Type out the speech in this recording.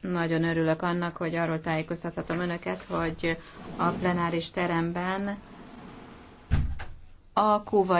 Nagyon örülök annak, hogy arról tájékoztathatom önöket, hogy a plenáris teremben a kuvai